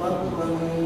وارحمني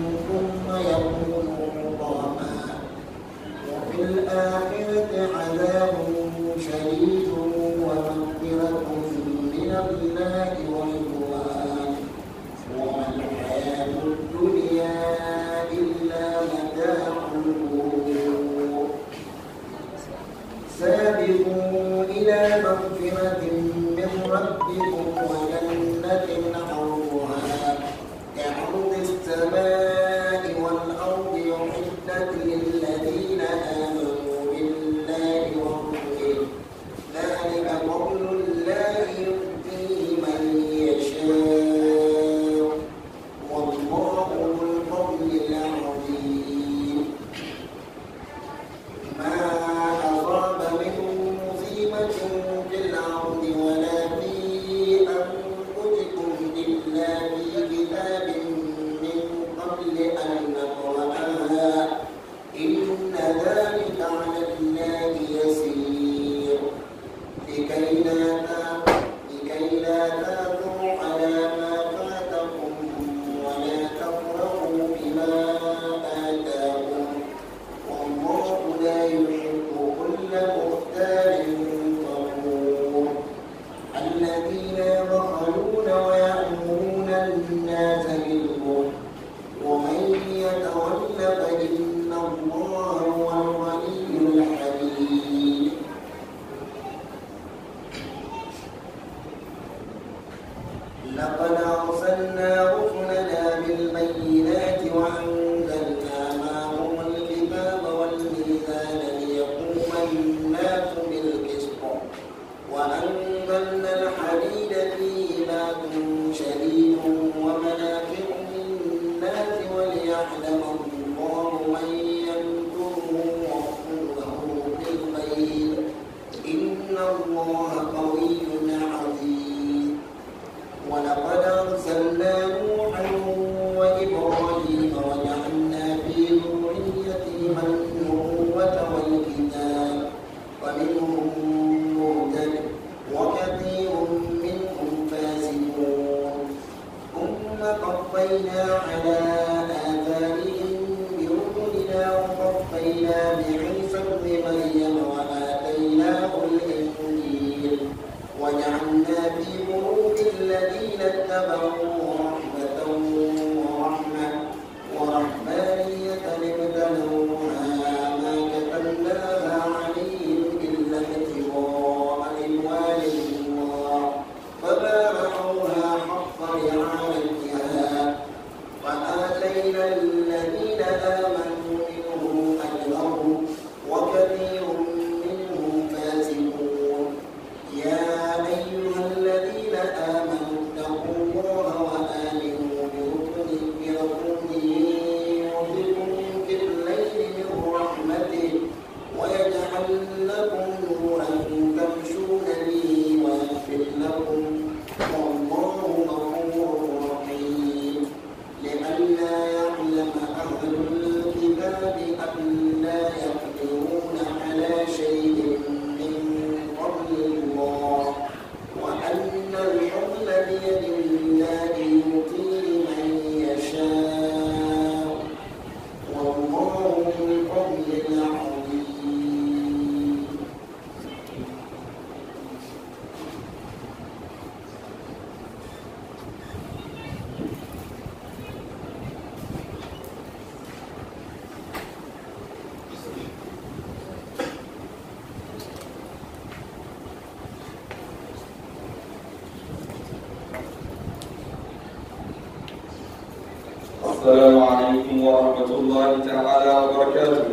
السلام عليكم ورحمة الله تعالى وبركاته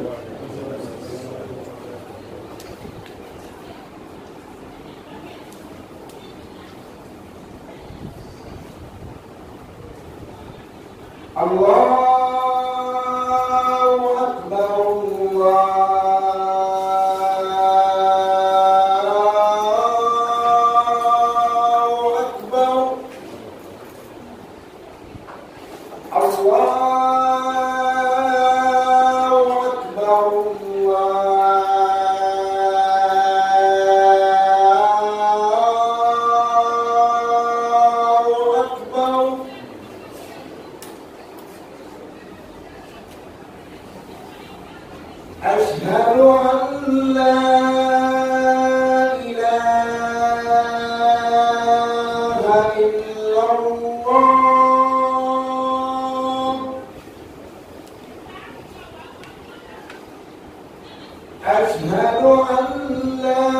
أشهد أن لا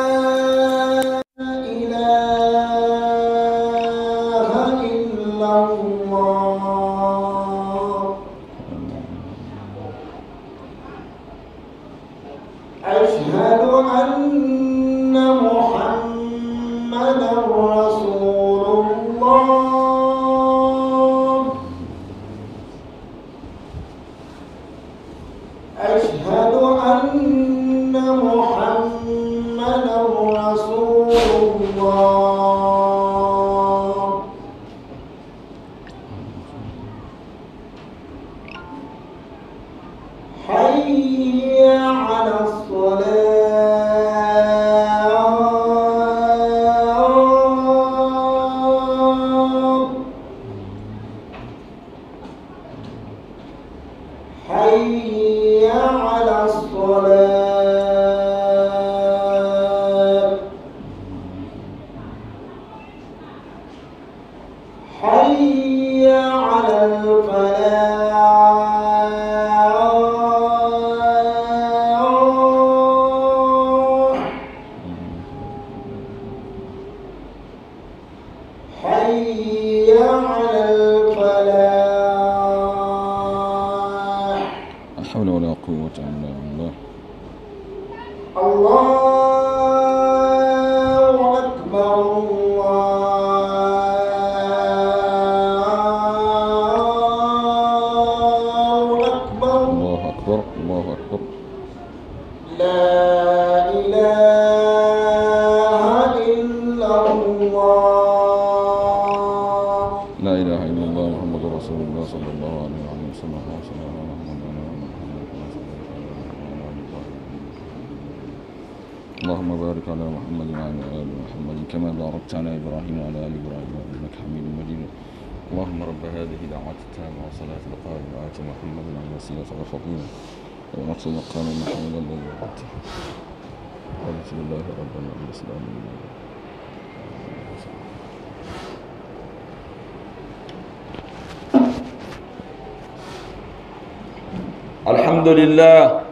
على محمد وعلى آل محمد كما باركت على إبراهيم وعلى آل إبراهيم إنك حميد مجيد اللهم رب هذه دعوة التامة وصلاة القائمة آت محمد على وسيلة وفضيلة ونقصد مقام محمد الذي وعدته الحمد لله ربنا والإسلام الحمد لله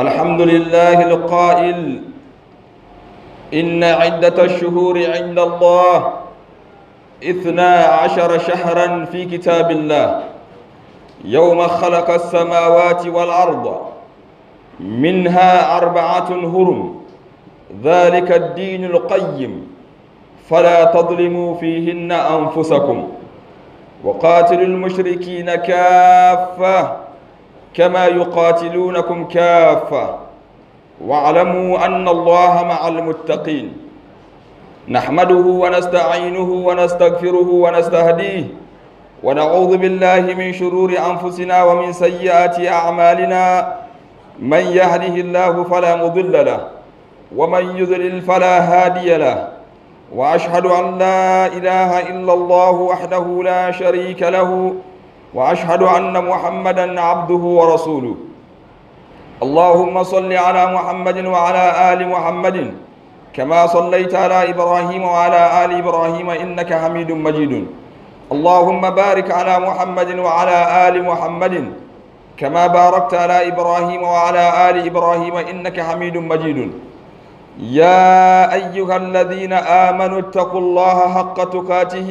الحمد لله القائل إن عدة الشهور عند الله إثنا عشر شهرا في كتاب الله يوم خلق السماوات والأرض منها أربعة هرم ذلك الدين القيم فلا تظلموا فيهن أنفسكم وقاتلوا المشركين كافةً كما يقاتلونكم كافة واعلموا أن الله مع المتقين نحمده ونستعينه ونستغفره ونستهديه ونعوذ بالله من شرور أنفسنا ومن سيئات أعمالنا من يهده الله فلا مضل له ومن يذلل فلا هادي له وأشهد أن لا إله إلا الله وحده لا شريك له واشهد ان محمدا عبده ورسوله اللهم صل على محمد وعلى ال محمد كما صليت على ابراهيم وعلى ال ابراهيم انك حميد مجيد اللهم بارك على محمد وعلى ال محمد كما باركت على ابراهيم وعلى ال ابراهيم انك حميد مجيد يا ايها الذين امنوا اتقوا الله حق تقاته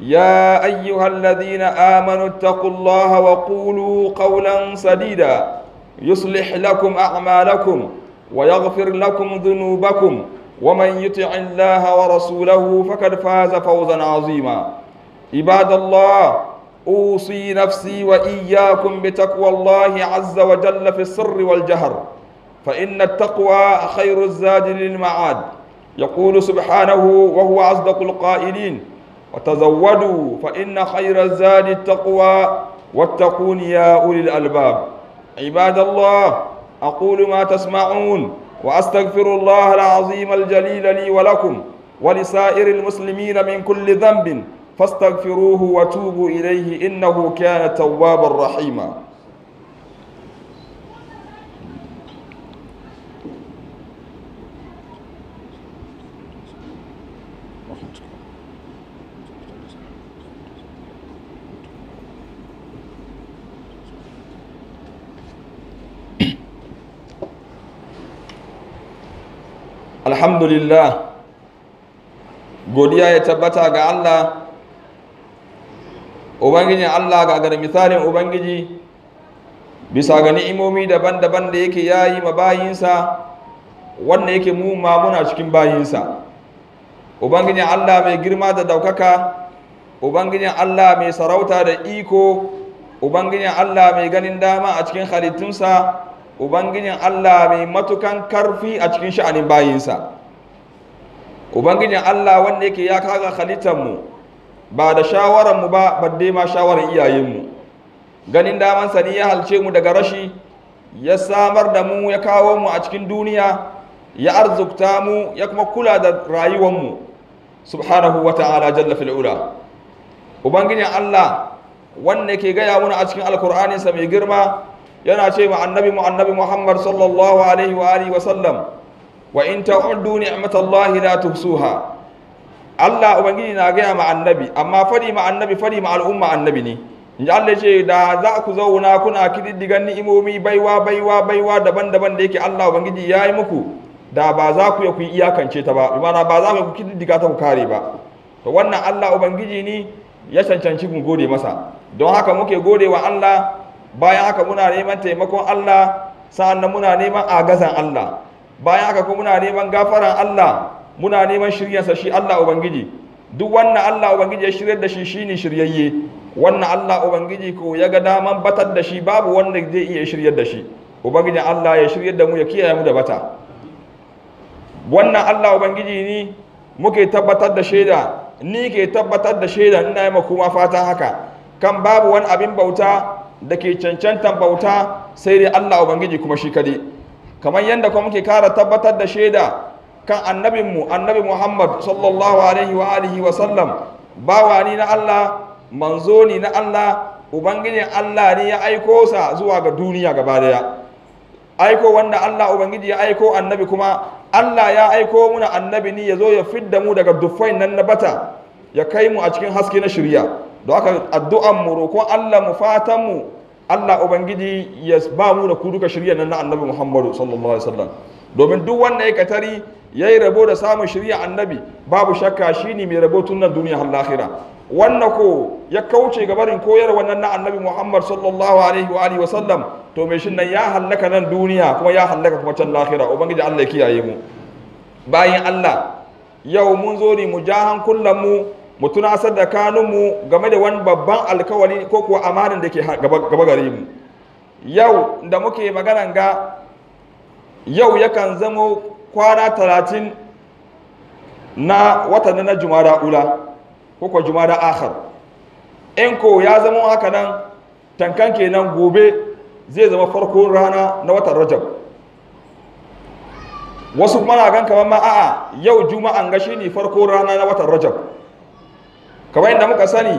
يا أيها الذين آمنوا اتقوا الله وقولوا قولا سديدا يصلح لكم أعمالكم ويغفر لكم ذنوبكم ومن يطع الله ورسوله فقد فاز فوزا عظيما عباد الله أوصي نفسي وإياكم بتقوى الله عز وجل في السر والجهر فإن التقوى خير الزاد للمعاد يقول سبحانه وهو أصدق القائلين وتزودوا فإن خير الزاد التقوى واتقون يا أولي الألباب عباد الله أقول ما تسمعون وأستغفر الله العظيم الجليل لي ولكم ولسائر المسلمين من كل ذنب فاستغفروه وتوبوا إليه إنه كان توابا رحيما Thank you. alhamdulillah godiya ya tabbata ga Allah ubangiji Allah ga gar misalin ubangiji bisa ga ni'imomi daban-daban da yake yayi ma bayinsa wanda yake mu ma muna cikin bayinsa ubangiji Allah mai girma da daukaka ubangiji Allah mai sarauta da iko ubangiji Allah mai ganin dama a cikin halittunsa ubangijin Allah mai matukan karfi a cikin sha'anin bayinsa ubangijin Allah wanda yake ya kaga halittarmu mu ba da shawaran mu ba badde ma shawaran iyayenmu. ganin daman sani ya halce mu daga rashi ya samar da mu ya kawo mu a cikin duniya ya arzukta mu ya kuma kula da rayuwar mu subhanahu wa ta'ala jalla fil ula ubangijin Allah wanda ke gaya mana a cikin alkur'aninsa mai girma yana ce ma annabi mu annabi muhammad sallallahu alaihi wa alihi wa sallam wa in ta'uddu ni'matallahi la tuhsuha Allah ubangiji na gaya ma annabi amma fadi ma annabi fadi ma al'umma annabi ne inji Allah ce da za ku zauna kuna kididdigan ni'imomi baiwa baiwa baiwa daban-daban da yake Allah ubangiji ya yi muku da ba za ku ya ku iyakance ta ba imana ba za ku kididdiga ta ku kare ba to wannan Allah ubangiji ne ya cancanci mu gode masa don haka muke gode wa Allah bayan haka muna neman taimakon Allah sa'annan muna neman agazan Allah bayan haka kuma muna neman gafaran Allah muna neman shiryansa shi Allah ubangiji duk wannan Allah ubangiji ya shiryar da shi shine shiryayye wannan Allah ubangiji ko ya ga daman batar da shi babu wanda zai iya shiryar da shi Ubangiji Allah ya shiryar da mu ya kiyaye mu da bata wannan Allah ubangiji ni muke tabbatar da shaida ni ke tabbatar da shaida ina yi kuma fatan haka kan babu wani abin bauta da ke cancanta bauta sai dai Allah ubangiji kuma shi kadai kamar yadda kuma muke kara tabbatar da shaida kan annabinmu annabi Muhammad sallallahu alaihi wa alihi wa sallam bawa ni na Allah manzo ni na Allah ubangijin Allah ne ya aiko sa zuwa ga duniya gaba daya aiko wanda Allah ubangiji ya aiko annabi kuma Allah ya aiko muna annabi ne ya zo ya fidda mu daga duffain nan na bata ya kai mu a cikin haske na shirya don haka addu'an mu roƙon Allah mu fatan mu Allah ubangiji ya ba mu da kuduka duka shirya nan na annabi Muhammadu sallallahu alaihi wasallam domin duk wanda ya katari yayi rabo da samun shirya annabi babu shakka shi ne mai rabo tun nan duniya har lahira Wannan ko ya kauce ga barin koyar wannan na annabi Muhammad sallallahu alaihi wa alihi wasallam to mai shin nan ya hallaka nan duniya kuma ya hallaka kuma can lahira ubangiji Allah ya kiyaye mu bayan Allah yau mun zo ne mu jahan hankulan mu mu tunasar da kanunmu game da wani babban alkawari ko kuwa amanin da ke gaba gare mu yau da muke maganan ga yau yakan zamo kwana talatin na watan na jumada ula ko kuwa jumada akhar in ko ya zama haka nan tankan kenan gobe zai zama farko rana na watan rajab wasu kuma na gan kamar ma a'a yau juma'an ga ne farko rana na watan rajab kamar yadda muka sani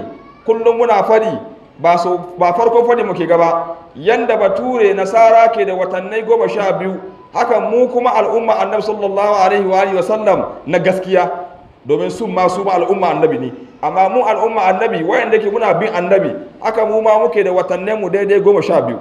kullum muna fari ba farkon fari muke gaba yanda bature nasara ke da watannai goma sha biyu hakan mu kuma al'umma annabi sallallahu alaihi wa alihi wasallam na gaskiya domin sun ma su ma al'umma annabi ne amma mu al'umma annabi wayanda ke muna bin annabi haka mu ma muke da watannai mu daidai goma sha biyu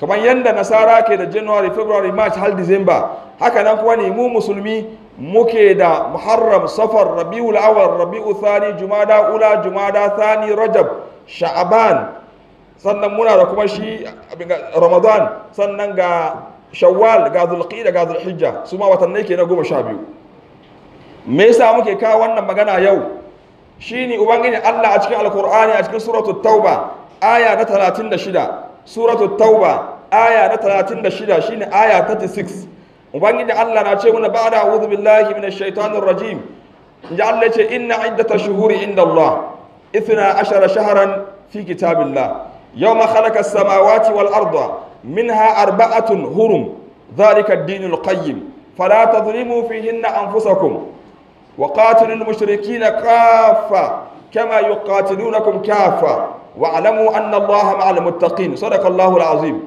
kamar yadda nasara ke da january february march har december haka nan kuwa ne mu musulmi muke da muharram safar Rabi'u awal rabiu thani jumada ula jumada thani rajab sha'aban sannan muna da kuma shi ramadan sannan ga shawwal ga zulqida ga zulhijja su ma watanni ke na goma sha biyu me yasa muke kawo wannan magana yau shine ubangiji Allah a cikin alkur'ani a cikin suratu tauba aya na 36 Suratu tauba aya na 36 shine aya 36 ubangiji Allah na ce muna ba'da a'udhu billahi minash shaitanir rajim inji Allah ce inna iddata shuhuri inda Allah ithna ashara shahran fi kitabillah yawma khalaqa as-samawati wal arda minha arba'atun hurum dhalika ad-dinul qayyim fala tadhlimu fihinna anfusakum وقاتلوا المشركين كافة كما يقاتلونكم كافة واعلموا أن الله مع المتقين صدق الله العظيم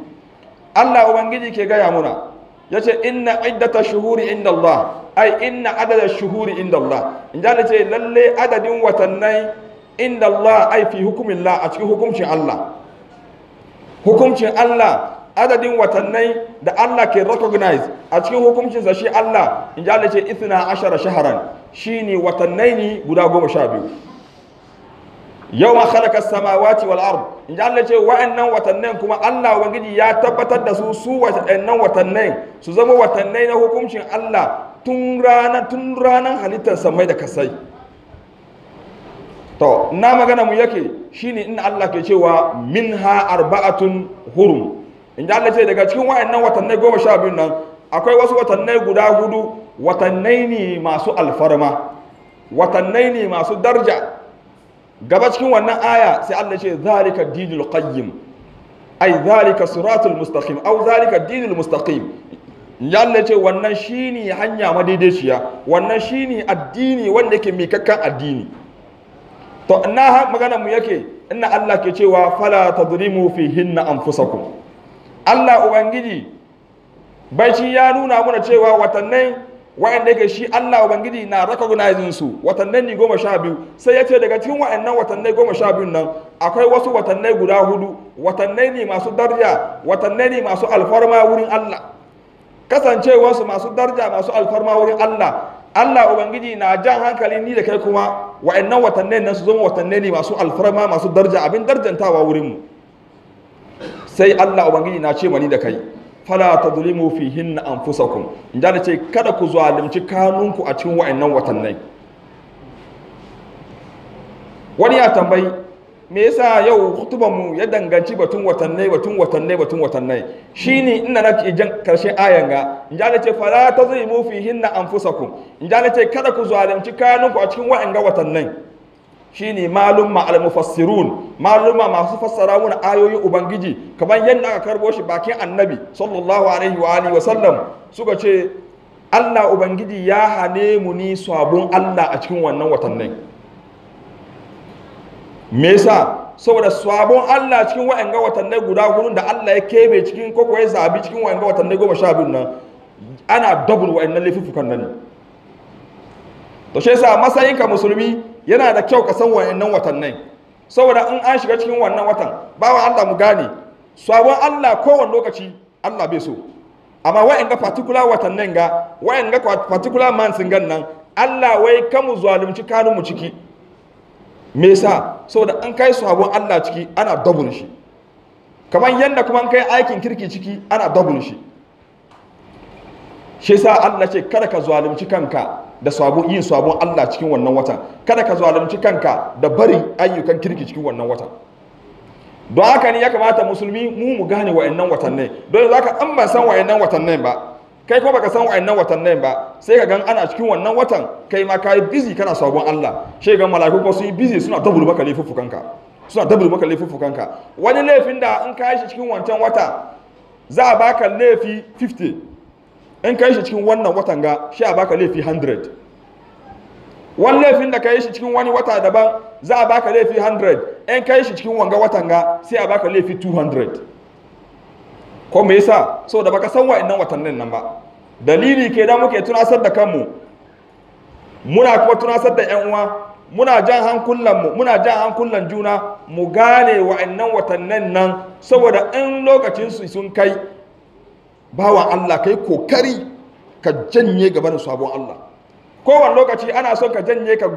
الله أبنجي كي غيامنا Ya ce ina iddata shuhuri inda Allah ai ina adada shuhuri inda Allah in ja ce lalle adadin watannai inda Allah ai fi hukumin Allah a cikin hukuncin Allah hukuncin Allah adadin watannai da Allah ke recognize a cikin hukuncinsa shi Allah in ja ce ithna ashara shaharan shine watannai ne guda goma sha biyu yau ma khalaqa samawati wal ard in ji Allah ce wa'annan watannin kuma Allah ubangiji ya tabbatar da su su wa'annan watannin su zama watannai na hukuncin Allah tun ranar tun halittar samai da kasai to na magana mu yake shine in Allah ke cewa minha arba'atun hurum in ji Allah ce daga cikin wa'annan watannai goma sha biyu nan akwai wasu watannai guda hudu watannai ne masu alfarma watannai ne masu darja gaba cikin wannan aya sai Allah ce zalika dinul qayyim ai zalika siratul mustaqim au zalika dinul mustaqim ya Allah ce wannan shine hanya madaidaiciya wannan shine addini wanda yake kakkan addini to ina magana mu yake inna Allah ke cewa fala tadrimu hinna anfusakum Allah ubangiji bai shi ya nuna muna cewa watannai wa'anda ke shi Allah ubangiji na recognizing su watannin ni goma sha biyu sai ya ce daga cikin wa'annan watannai goma sha biyun nan akwai wasu watannai guda hudu watannai ne masu darja watannai ne masu alfarma wurin Allah kasancewarsu masu darja masu alfarma wurin Allah Allah ubangiji na jan hankali ni da kai kuma wa'annan watannai nan su zama watannai ne masu alfarma masu darja abin darjantawa wurin mu sai Allah ubangiji na ce mani da kai fala tadlimu ku in ja da ce kada ku zalimci kanunku a cikin wa'annan watannai wani ya tambayi me yasa yau hutuban mu ya danganci batun watannai batun watannai batun watannai shine ina ke jan karshen ayan ga ja da ce fala tadlimu ku in ja da ce kada ku zalimci kanunku a cikin wa'annan watannai shine malum ma al-mufassirun maluma masu fassara wani ayoyin ubangiji kamar yadda aka karbo shi bakin annabi sallallahu alaihi wa alihi wa sallam suka ce Allah ubangiji ya hane mu ni sabon Allah a cikin wannan watannin me yasa saboda sabon Allah cikin wa'anga watannin guda hudun da Allah ya kebe cikin koko ya zabi cikin wa'anga watannin goma sha biyu nan ana double wa'annan lafifukan nan to shi yasa matsayin ka musulmi yana da kyau ka san wayannan watannai saboda in an shiga cikin wannan watan bawa Allah mu gane sabon Allah kowane lokaci Allah bai so amma wayan ga particular watannin ga wayan ga particular months gan nan Allah wai kan mu zalunci kanun mu ciki me yasa saboda an kai sabon Allah ciki ana double shi kamar yadda kuma an kai aikin kirki ciki ana double shi shi yasa Allah ce kada ka zalunci kanka da sabon yin sabon Allah cikin wannan watan kada ka zalunci kanka da barin ayyukan kirki cikin wannan watan don haka ne ya kamata musulmi mu mu gane wayannan watannin don yanzu ka an ban san wayannan watannin ba kai kuma baka san wayannan watannin ba sai ka gan ana cikin wannan watan kai ma kai busy kana sabon Allah shi ga malaiku ko su yi busy suna double maka laifuffukanka suna double maka laifuffukanka wani laifin da in ka yi shi cikin wancan wata za a baka laifi 50 in ka yi shi cikin wannan watan ga shi a baka laifi 100 wani laifin da ka yi shi cikin wani wata daban za a baka laifi 100 in ka yi shi cikin wanga watan ga sai a baka laifi 200 ko me yasa saboda baka san wa innan watannin nan ba dalili ke da muke tunasar da kanmu muna kuma tunasar da yan uwa muna jan hankulan mu muna jan hankulan juna mu gane wa'annan watannin nan saboda in lokacin su sun kai bawa Allah kai kokari ka janye da sabon Allah kowane lokaci ana son ka janye ka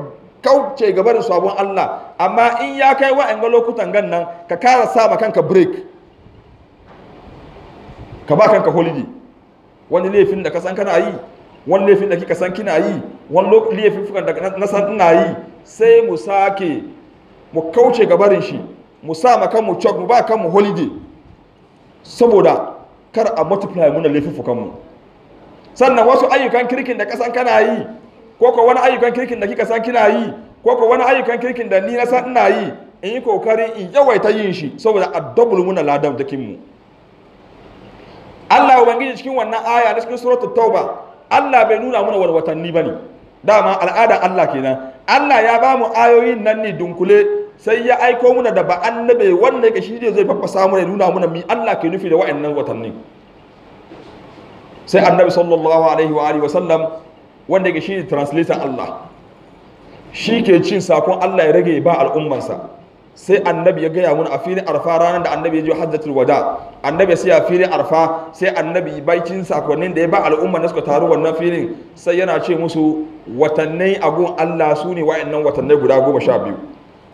kauce da sabon Allah amma in ya kai wa'anga lokutan gan nan ka kara sa kanka break ka ba kanka holiday wani laifin da ka san kana yi wani laifin da kika san kina yi wani laifin fukan da na san ina yi sai mu sake mu kauce gabarin shi mu sa makan mu chok mu ba kanmu holiday saboda kar a multiply muna laifuffukanmu sannan wasu ayyukan kirkin da kasan kana yi ko ko wani ayyukan kirkin da kika san kina yi ko ko wani ayyukan kirkin da ni na san ina yi in yi kokari in yawaita yin shi saboda a double muna ladan takin mu Allah ubangiji cikin wannan aya na cikin suratul tauba Allah bai nuna muna wani watanni bane dama al'ada Allah kenan Allah ya ba mu ayoyin nan ne dunkule sai ya aiko muna da ba annabe wanda yake shi zai faffasa ya nuna muna mi Allah ke nufi da wa'annan watanni sai annabi sallallahu alaihi wa alihi wa sallam wanda yake shi translator Allah shi ke cin sakon Allah ya rage ba al'ummansa sai annabi ya gaya mana a filin arfa ranar da annabi ya je hajjatul wada annabi sai a filin arfa sai annabi baikin sakonnin da ya ba al'umma da suka taru wannan filin sai yana ce musu watannai agun Allah sune ne wa'annan watannai guda goma sha biyu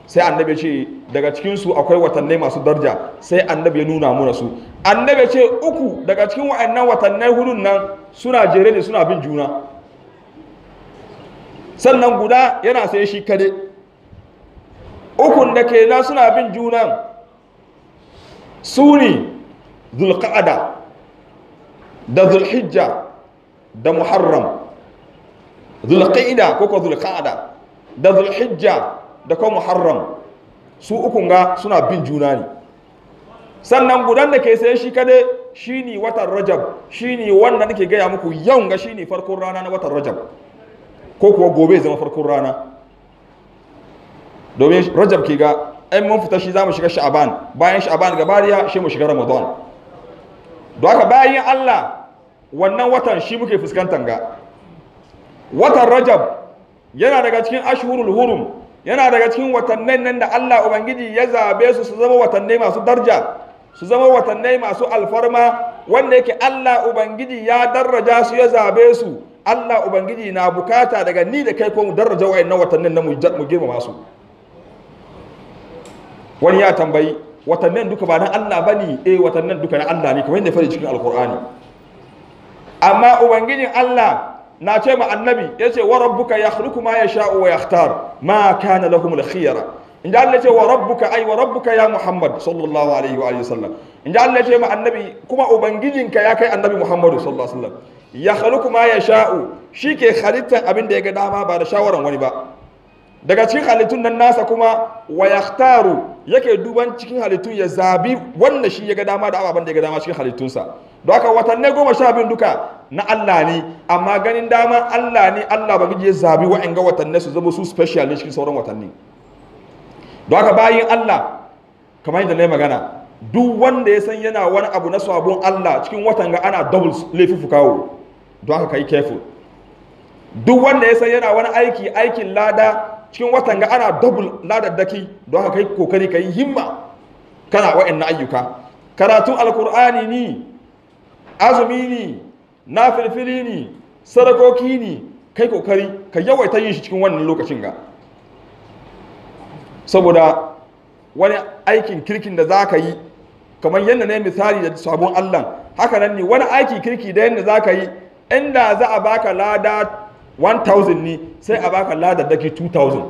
sai annabi ce daga cikinsu akwai watannai masu darja sai annabi ya nuna muna su annabi ce uku daga cikin wa'annan watannai hudun nan suna jere ne suna bin juna sannan guda yana sai shi kade ukun da ke nan suna bin juna su ne zulqa'ada da zulhijja da muharram zulqa'ida ko ko zulqa'ada da zulhijja da kuma muharram su ukun ga suna bin juna ne sannan gudan da ke sai shi kade shine watan rajab shine wanda nake gaya muku yau ga shine farkon rana na watan rajab ko kuwa gobe zama farkon rana domin rajab ke ga ɗan mun fita shi za mu shiga sha'aban bayan sha'aban gabariya shi mu shiga ramadan don haka bayan allah wannan watan shi muke fuskantar ga watan rajab yana daga cikin ashhurul hurum yana daga cikin watannin nan da Allah Ubangiji ya zabe su su zama watannai masu darja su zama watannai masu alfarma wanda yake Allah Ubangiji ya daraja su ya zabe su Allah Ubangiji na bukata daga ni da kai ko mu wa'in wayannan watannin nan mu girmama su wani ya tambayi watannin duka ba na Allah bane eh watannin duka na Allah ne kamar yadda fari cikin alkur'ani amma ubangijin Allah na ce ma annabi ya ce wa rabbuka ya khluqu ma yasha'u wa yakhtar ma kana lahum al-khiyara inda Allah ce wa rabbuka ai wa rabbuka ya Muhammad sallallahu alaihi wa sallam inda Allah ce ma annabi kuma ubangijinka ya kai annabi Muhammadu sallallahu alaihi wa sallam ya khluqu ma yasha'u shike halittar abin da ya ga dama ba da shawaran wani ba daga cikin halittun nan nasa kuma wa yakhtaru yake duban cikin halittun ya zabi wanda shi ya ga dama da ababen da ya ga dama cikin halittunsa don haka watanni goma sha biyun duka na Allah ne amma ganin dama Allah ne Allah ba ya zabi wa'anga watanni su zama su special ne cikin sauran watanni don haka bayin Allah kamar yadda na yi magana duk wanda ya san yana wani abu na sabon Allah cikin watan ga ana double kawo don haka kai careful duk wanda ya san yana wani aiki aikin lada cikin watan ga ana double ladar daki don haka kai kokari kayi himma kana na ayyuka karatu alkur'ani ni azumi ne na filfili ne sadakoki ne kai kokari ka yawaita yin shi cikin wannan lokacin ga saboda wani aikin kirkin da za ka yi kamar yadda na yi misali da sabon Allah haka nan ne wani aiki kirki da yadda za ka yi inda za a baka lada 1000 ne sai a baka lada daki 2000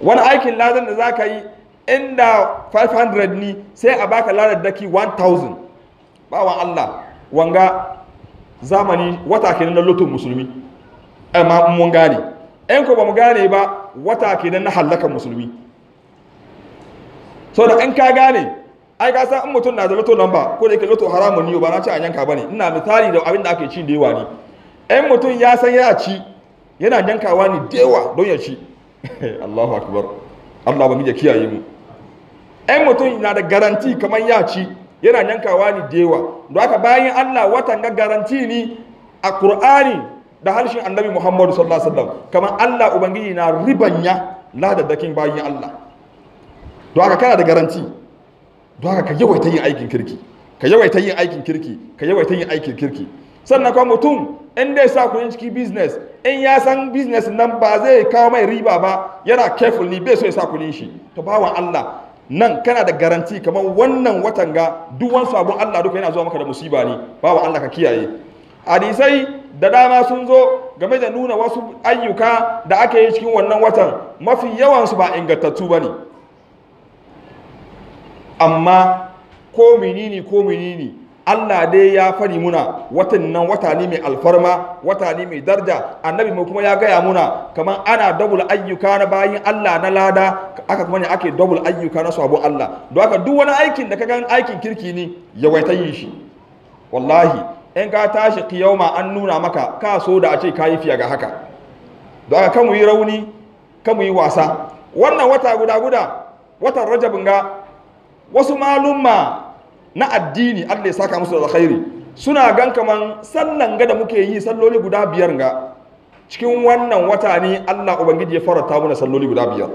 wani aikin ladan da za ka yi inda 500 ne sai a baka lada daki 1000 bawan Allah wanga zamani wata kenan na lutun musulmi amma mun gane ɗan ko ba mu gane ba wata kenan na hallakan musulmi so da in ka gane ai ka san in mutum na da lutun nan ba ko da yake lutun haramun ne ba na ci a yanka ne ina misali da abin da ake ci da yawa ne ɗan mutum ya san yana ci yana yankawa ne da yawa don ya ci Allahu akbar Allah ba mu kiyaye mu ɗan mutum na da garanti kamar ya ci yana yankawa ni da yawa bayan Allah watan ga garanti ni a Qur'ani da harshen Annabi Muhammadu sallallahu alaihi wasallam kamar Allah ubangiji na ribanya ladadakin bayan Allah don aka kana da garanti don aka ka yawaita yin aikin kirki ka yawaita yin aikin kirki ka yawaita yin aikin kirki sannan kuma mutum in dai sa kuɗin ciki business in ya san business nan ba zai kawo mai riba ba yana careful ni bai so ya sa kuɗin shi to bawan Allah nan kana da garanti kamar wannan watan ga duk wani sabon Allah duka yana zuwa maka da musiba ne wa Allah ka kiyaye hadisai da dama sun zo game da nuna wasu ayyuka da ake yi cikin wannan watan mafi yawansu ba ingantattu ba ne amma ko menene ko menene Allah dai ya fari muna watan nan wata ne mai alfarma wata ne mai darja annabi ma kuma ya gaya muna kamar ana double ayyuka na bayin Allah na lada aka kuma ne ake double ayyuka na sabon Allah don haka duk wani aikin da ka gan aikin kirki ne yawaita yin shi wallahi in ka tashi kiyauma an nuna maka ka so da a ce yi fiya ga haka don haka kan mu yi rauni kan mu yi wasa wannan wata guda guda watan rajabin ga wasu malumma na addini Allah ya saka musu da alkhairi suna gan kaman sallan ga da muke yi salloli guda biyar ga cikin wannan wata ne Allah ubangiji ya farata mu salloli guda biyar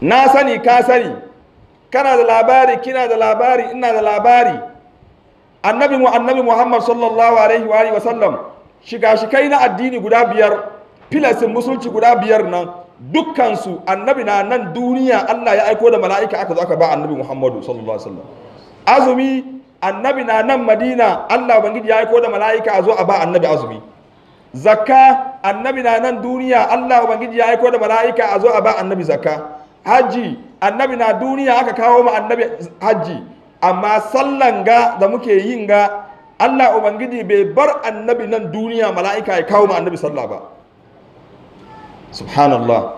na sani ka sani kana da labari kina da labari ina da labari annabi mu annabi Muhammad sallallahu alaihi wa sallam shiga shikai na addini guda biyar filasin musulci guda biyar nan dukkansu annabi na nan duniya Allah ya aiko da mala'ika aka zo aka ba annabi Muhammadu sallallahu alaihi wasallam azumi annabi na nan Madina Allah ubangiji ya aiko da mala'ika a zo a ba annabi azumi zakka annabi na nan duniya Allah ubangiji ya aiko da mala'ika a zo a ba annabi zakka haji annabi na duniya aka kawo ma annabi haji amma sallan ga da muke yin ga Allah ubangiji bai bar annabi nan duniya mala'ika ya kawo ma annabi sallah ba subhanallah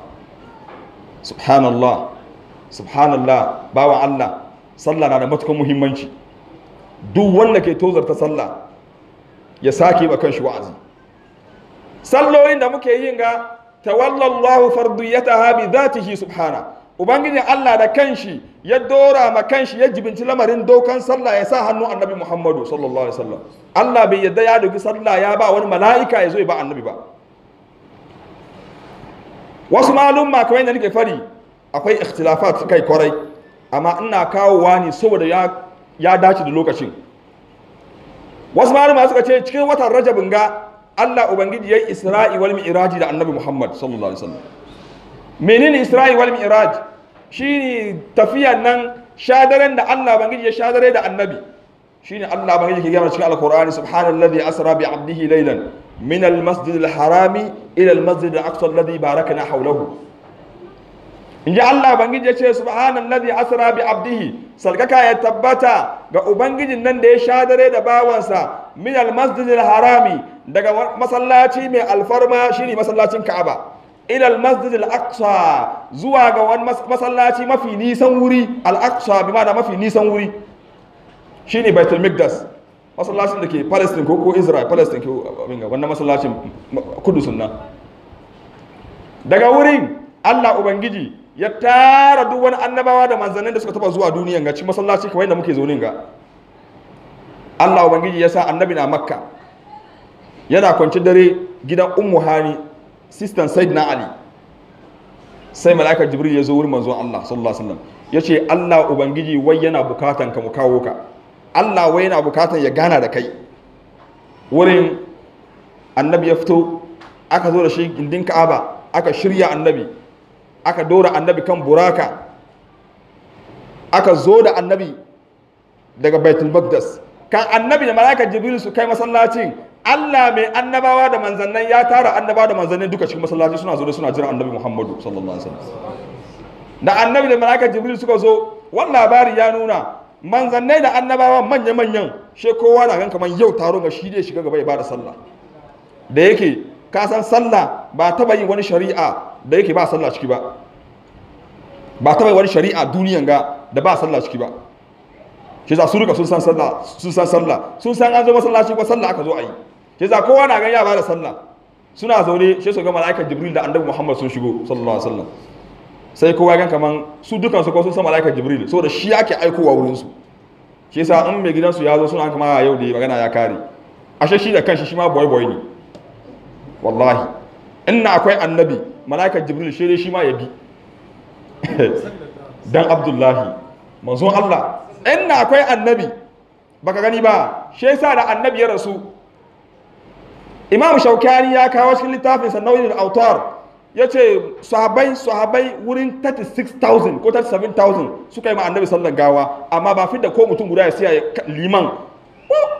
subhanallah subhanallah bawa Allah sallah na da matukan muhimmanci duk wanda ke tozarta sallah ya sake ba kan shi wa'azi Salloyin da muke yin ga tawallallahu za bi dhatihi subhana ubangiji Allah da kanshi ya dora ma kanshi ya jibinci lamarin dokan sallah ya sa hannu annabi Muhammadu sallallahu alaihi wasallam Allah bai yadda ya doki sallah ya ba wani mala'ika ya zo ya ba annabi ba wasu malumma kamar yadda nake fari akwai ikhtilafat kai kwarai amma ina kawowa ne saboda ya dace da lokacin wasu malumma suka ce cikin watan rajabin ga Allah ubangiji yayi Isra'i wal Mi'raj da Annabi Muhammad sallallahu alaihi wasallam menene Isra'i wal Mi'raj shine tafiyan nan shadaren da Allah ubangiji ya shadare da Annabi shine Allah ubangiji ke gama cikin alqur'ani subhanallazi asra bi 'abdihi laylan min masjid al-harami ila masjid al-aqsa alladhi barakna hawlahu in ji Allah bangiji ya ce subhanallazi asra bi abdihi sarkaka ya tabbata ga ubangijin nan da ya sha dare da bawansa min al-masjid al-harami daga masallaci mai alfarma shine masallacin Ka'aba ila masjid al-aqsa zuwa ga wani masallaci mafi nisan wuri al-aqsa mafi nisan wuri shine baitul miqdas masallacin da ke palestine ko ko israel palestine ke wannan masallacin kudu sunna daga wurin allah ubangiji ya tara duk wani annabawa da manzannin da suka taba zuwa duniyan ga ci masallaci kawai da muke zaunin ga allah ubangiji ya sa annabi na makka yana kwanci dare gidan ummu hani sistan said na ali sai mala'ikar jibril ya zo wurin manzon allah sallallahu alaihi wasallam ya ce allah ubangiji wai yana bukatan ka mu kawo ka Allah wai na bukatan ya gana da kai wurin annabi ya fito aka zo da shi gindin ka'aba aka shirya annabi aka dora annabi kan buraka aka zo da annabi daga baitul maqdis kan annabi da malaka jibril su kai masallacin Allah mai annabawa da manzannan ya tara annabawa da manzannin duka cikin masallaci suna zo suna jira annabi Muhammadu sallallahu alaihi wasallam da annabi da malaka jibril suka zo wannan labari ya nuna manzannai da annabawa manya-manyan shi kowa na gan kamar yau taron ga shi dai shiga gaba ya bada sallah da yake ka san sallah ba taba yi wani shari'a da yake ba sallah ciki ba ba taba yi wani shari'a duniyan ga da ba sallah ciki ba shi za su rika sun san sallah sun san sallah sun san an zo masallaci ko sallah aka zo a yi shi za kowa na gan ya bada sallah suna zaune shi su ga mala'ikan jibril da annabi muhammad sun shigo sallallahu alaihi wasallam sai kowa gan kaman su dukan su ko sun san malaikar jibril saboda shi yake aikowa wurin su shi yasa in mai gidansu ya zo suna kama ah, yau da magana ya kare ashe shi da kanshi shi ma boy boy ne wallahi inna akwai annabi malaikar jibril shi shi ma ya bi dan abdullahi manzon Allah inna akwai annabi baka gani ba shi yasa da annabi ya rasu imam shaukani ya kawo cikin littafin sanawil da autar ya ce sahabai sahabai wurin 36,000 ko 37,000 suka yi ma annabi sallan gawa amma ba da ko mutum guda ya siya liman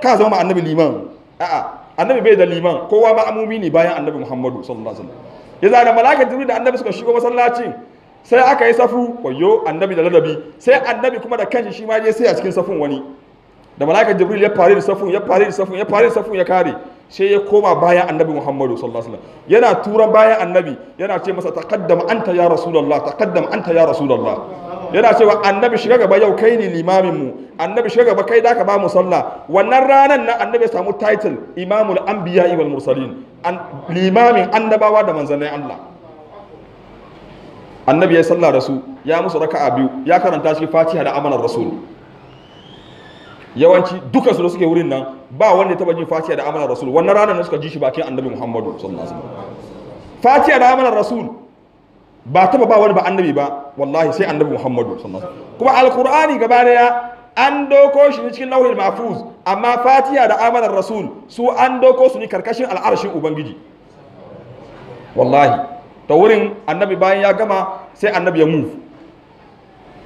ka zama ma annabi liman a'a annabi bai da liman kowa ma amumi ne bayan annabi muhammadu sallallahu alaihi wasallam ya zana malakar jibril da annabi suka shigo masallaci sai aka yi safu wayo annabi da ladabi sai annabi kuma da kanshi shi ma ya sai a cikin safun wani da malakar jibril ya fare da safun ya fare da safun ya fare da safun ya kare sai ya koma baya annabi muhammadu sallallahu alaihi wasallam yana tura baya annabi yana ce masa taqaddama anta ya rasulullah taqaddama anta ya rasulullah yana cewa annabi shiga gaba yau kai ne limamin mu annabi shiga gaba kai da ka ba mu sallah wannan ranan na annabi ya samu title imamul anbiya wal mursalin limamin annabawa da manzannin Allah annabi ya sallah da su ya musu raka'a biyu ya karanta shi fatiha da amanar rasul yawanci duka su da suke wurin nan ba wanda ya taba jin fatiha da amanar rasul wannan ranar da suka ji shi bakin annabi muhammadu sallallahu alaihi wasallam fatiha da amanar rasul ba taba ba wani ba annabi ba wallahi sai annabi muhammadu sallallahu alaihi wasallam kuma alqur'ani gaba daya an doko shi ne cikin lauhin mahfuz amma fatiha da amanar rasul su an doko su ne karkashin al'arshin ubangiji wallahi ta wurin annabi bayan ya gama sai annabi ya move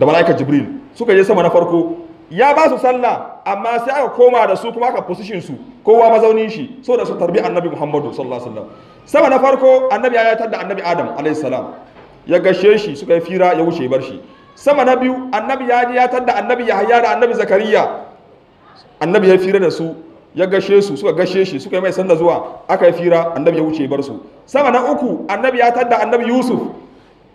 da mala'ikar jibril suka je sama na farko ya ba su sallah amma sai aka koma da su kuma aka position su kowa mazaunin shi so da su tarbi annabi muhammadu sallallahu alaihi wasallam sama na farko annabi ya yatar da annabi adam alaihi salam ya gashe shi suka yi fira ya wuce bar shi sama na biyu annabi ya ji yatar da annabi yahya da annabi zakariya annabi ya fira da su ya gashe su suka gashe shi suka yi mai sanda zuwa aka yi fira annabi ya wuce bar su sama na uku annabi ya tar da annabi yusuf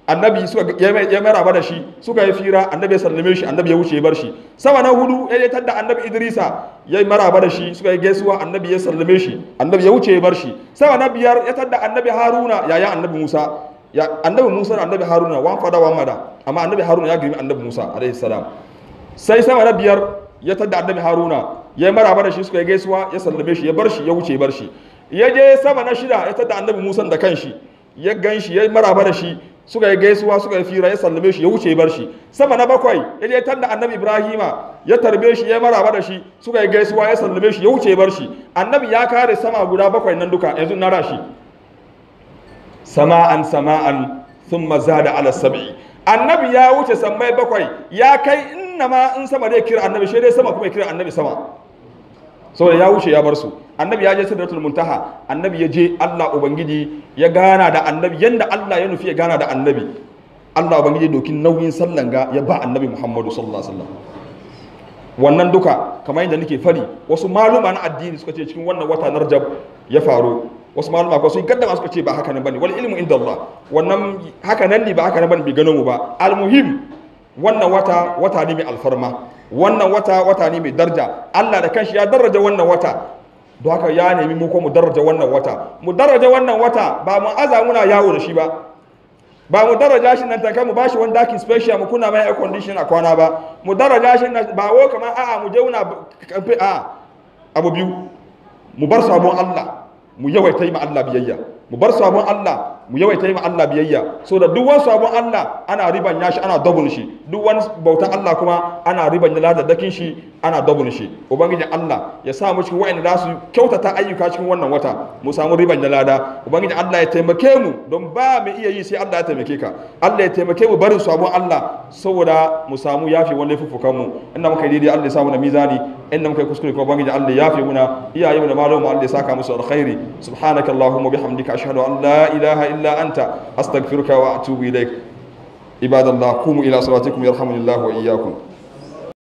annabi suka ya mai raba da shi suka yi fira annabi ya sallame shi annabi ya wuce ya bar shi sama na hudu ya yatar da annabi idrisa ya yi maraba da shi suka yi gaisuwa annabi ya sallame shi annabi ya wuce ya bar shi sama na biyar ya tadda annabi haruna yaya annabi musa ya annabi musa da annabi haruna wan fada wan mada amma annabi haruna ya girmi annabi musa alaihi salam sai sama na biyar ya tadda annabi haruna ya yi maraba da shi suka yi gaisuwa ya sallame shi ya bar shi ya wuce ya bar shi ya je sama na shida ya tadda annabi musa da kanshi ya gan shi ya yi maraba da shi suka yi gaisuwa suka yi fira ya sallame shi ya wuce bar shi sama na bakwai ya je tanda annabi ibrahima ya tarbe shi ya maraba da shi suka yi gaisuwa ya sallame shi ya wuce bar shi annabi ya kare sama guda bakwai nan duka yanzu na rashi sama'an sama'an thumma zada ala sab'i annabi ya wuce sammai bakwai ya kai inna ma in sama dai kira annabi shi dai sama kuma kira annabi sama saboda ya wuce ya bar su annabi ya je sidratul muntaha annabi ya je Allah ubangiji ya gana da annabi yanda Allah ya nufi ya gana da annabi Allah ubangiji dokin nauyin sallan ga ya ba annabi Muhammadu sallallahu alaihi wasallam wannan duka kamar yadda nake fari wasu maluma na addini suka ce cikin wannan wata na Rajab ya faru wasu maluma ko sun gaddama suka ce ba haka nan bane wal ilmu inda Allah wannan haka nan ne ba haka nan bane bi gano mu ba al muhim wannan wata wata ne mai alfarma wannan wata wata ne mai darja Allah da kanshi ya daraja wannan wata don haka ya nemi mu ko mu daraja wannan wata mu daraja wannan wata ba mu aza muna yawo da shi ba ba mu daraja shi nan tanka mu bashi wani daki special mu kuna mai air condition a kwana ba mu daraja shi nan ba wo kamar a'a mu je muna kamfe a abu biyu mu bar sabon Allah mu yawaita yi ma Allah biyayya mu bar sabon Allah mu yawaita yi ma Allah biyayya so da duk wani sabon Allah ana riban shi ana dubun shi duk wani bautan Allah kuma ana riban ladadakin shi ana double shi ubangiji Allah ya sa mu cikin wa'anda za su kyautata ayyuka cikin wannan wata mu samu riban da lada ubangiji Allah ya taimake mu don ba mu iya yi sai Allah ya taimake ka Allah ya taimake mu barin su abun Allah saboda mu samu yafi wani fufukan mu inda muka yi daidai Allah ya sa mu na mizani inda muka yi kuskure ko ubangiji Allah ya yafi muna iyaye mu da malamu Allah ya saka musu alkhairi subhanakallahumma bihamdika ashhadu an la ilaha illa anta astaghfiruka wa atubu ilaik ibadallah qumu ila salatikum yarhamunillahu wa iyyakum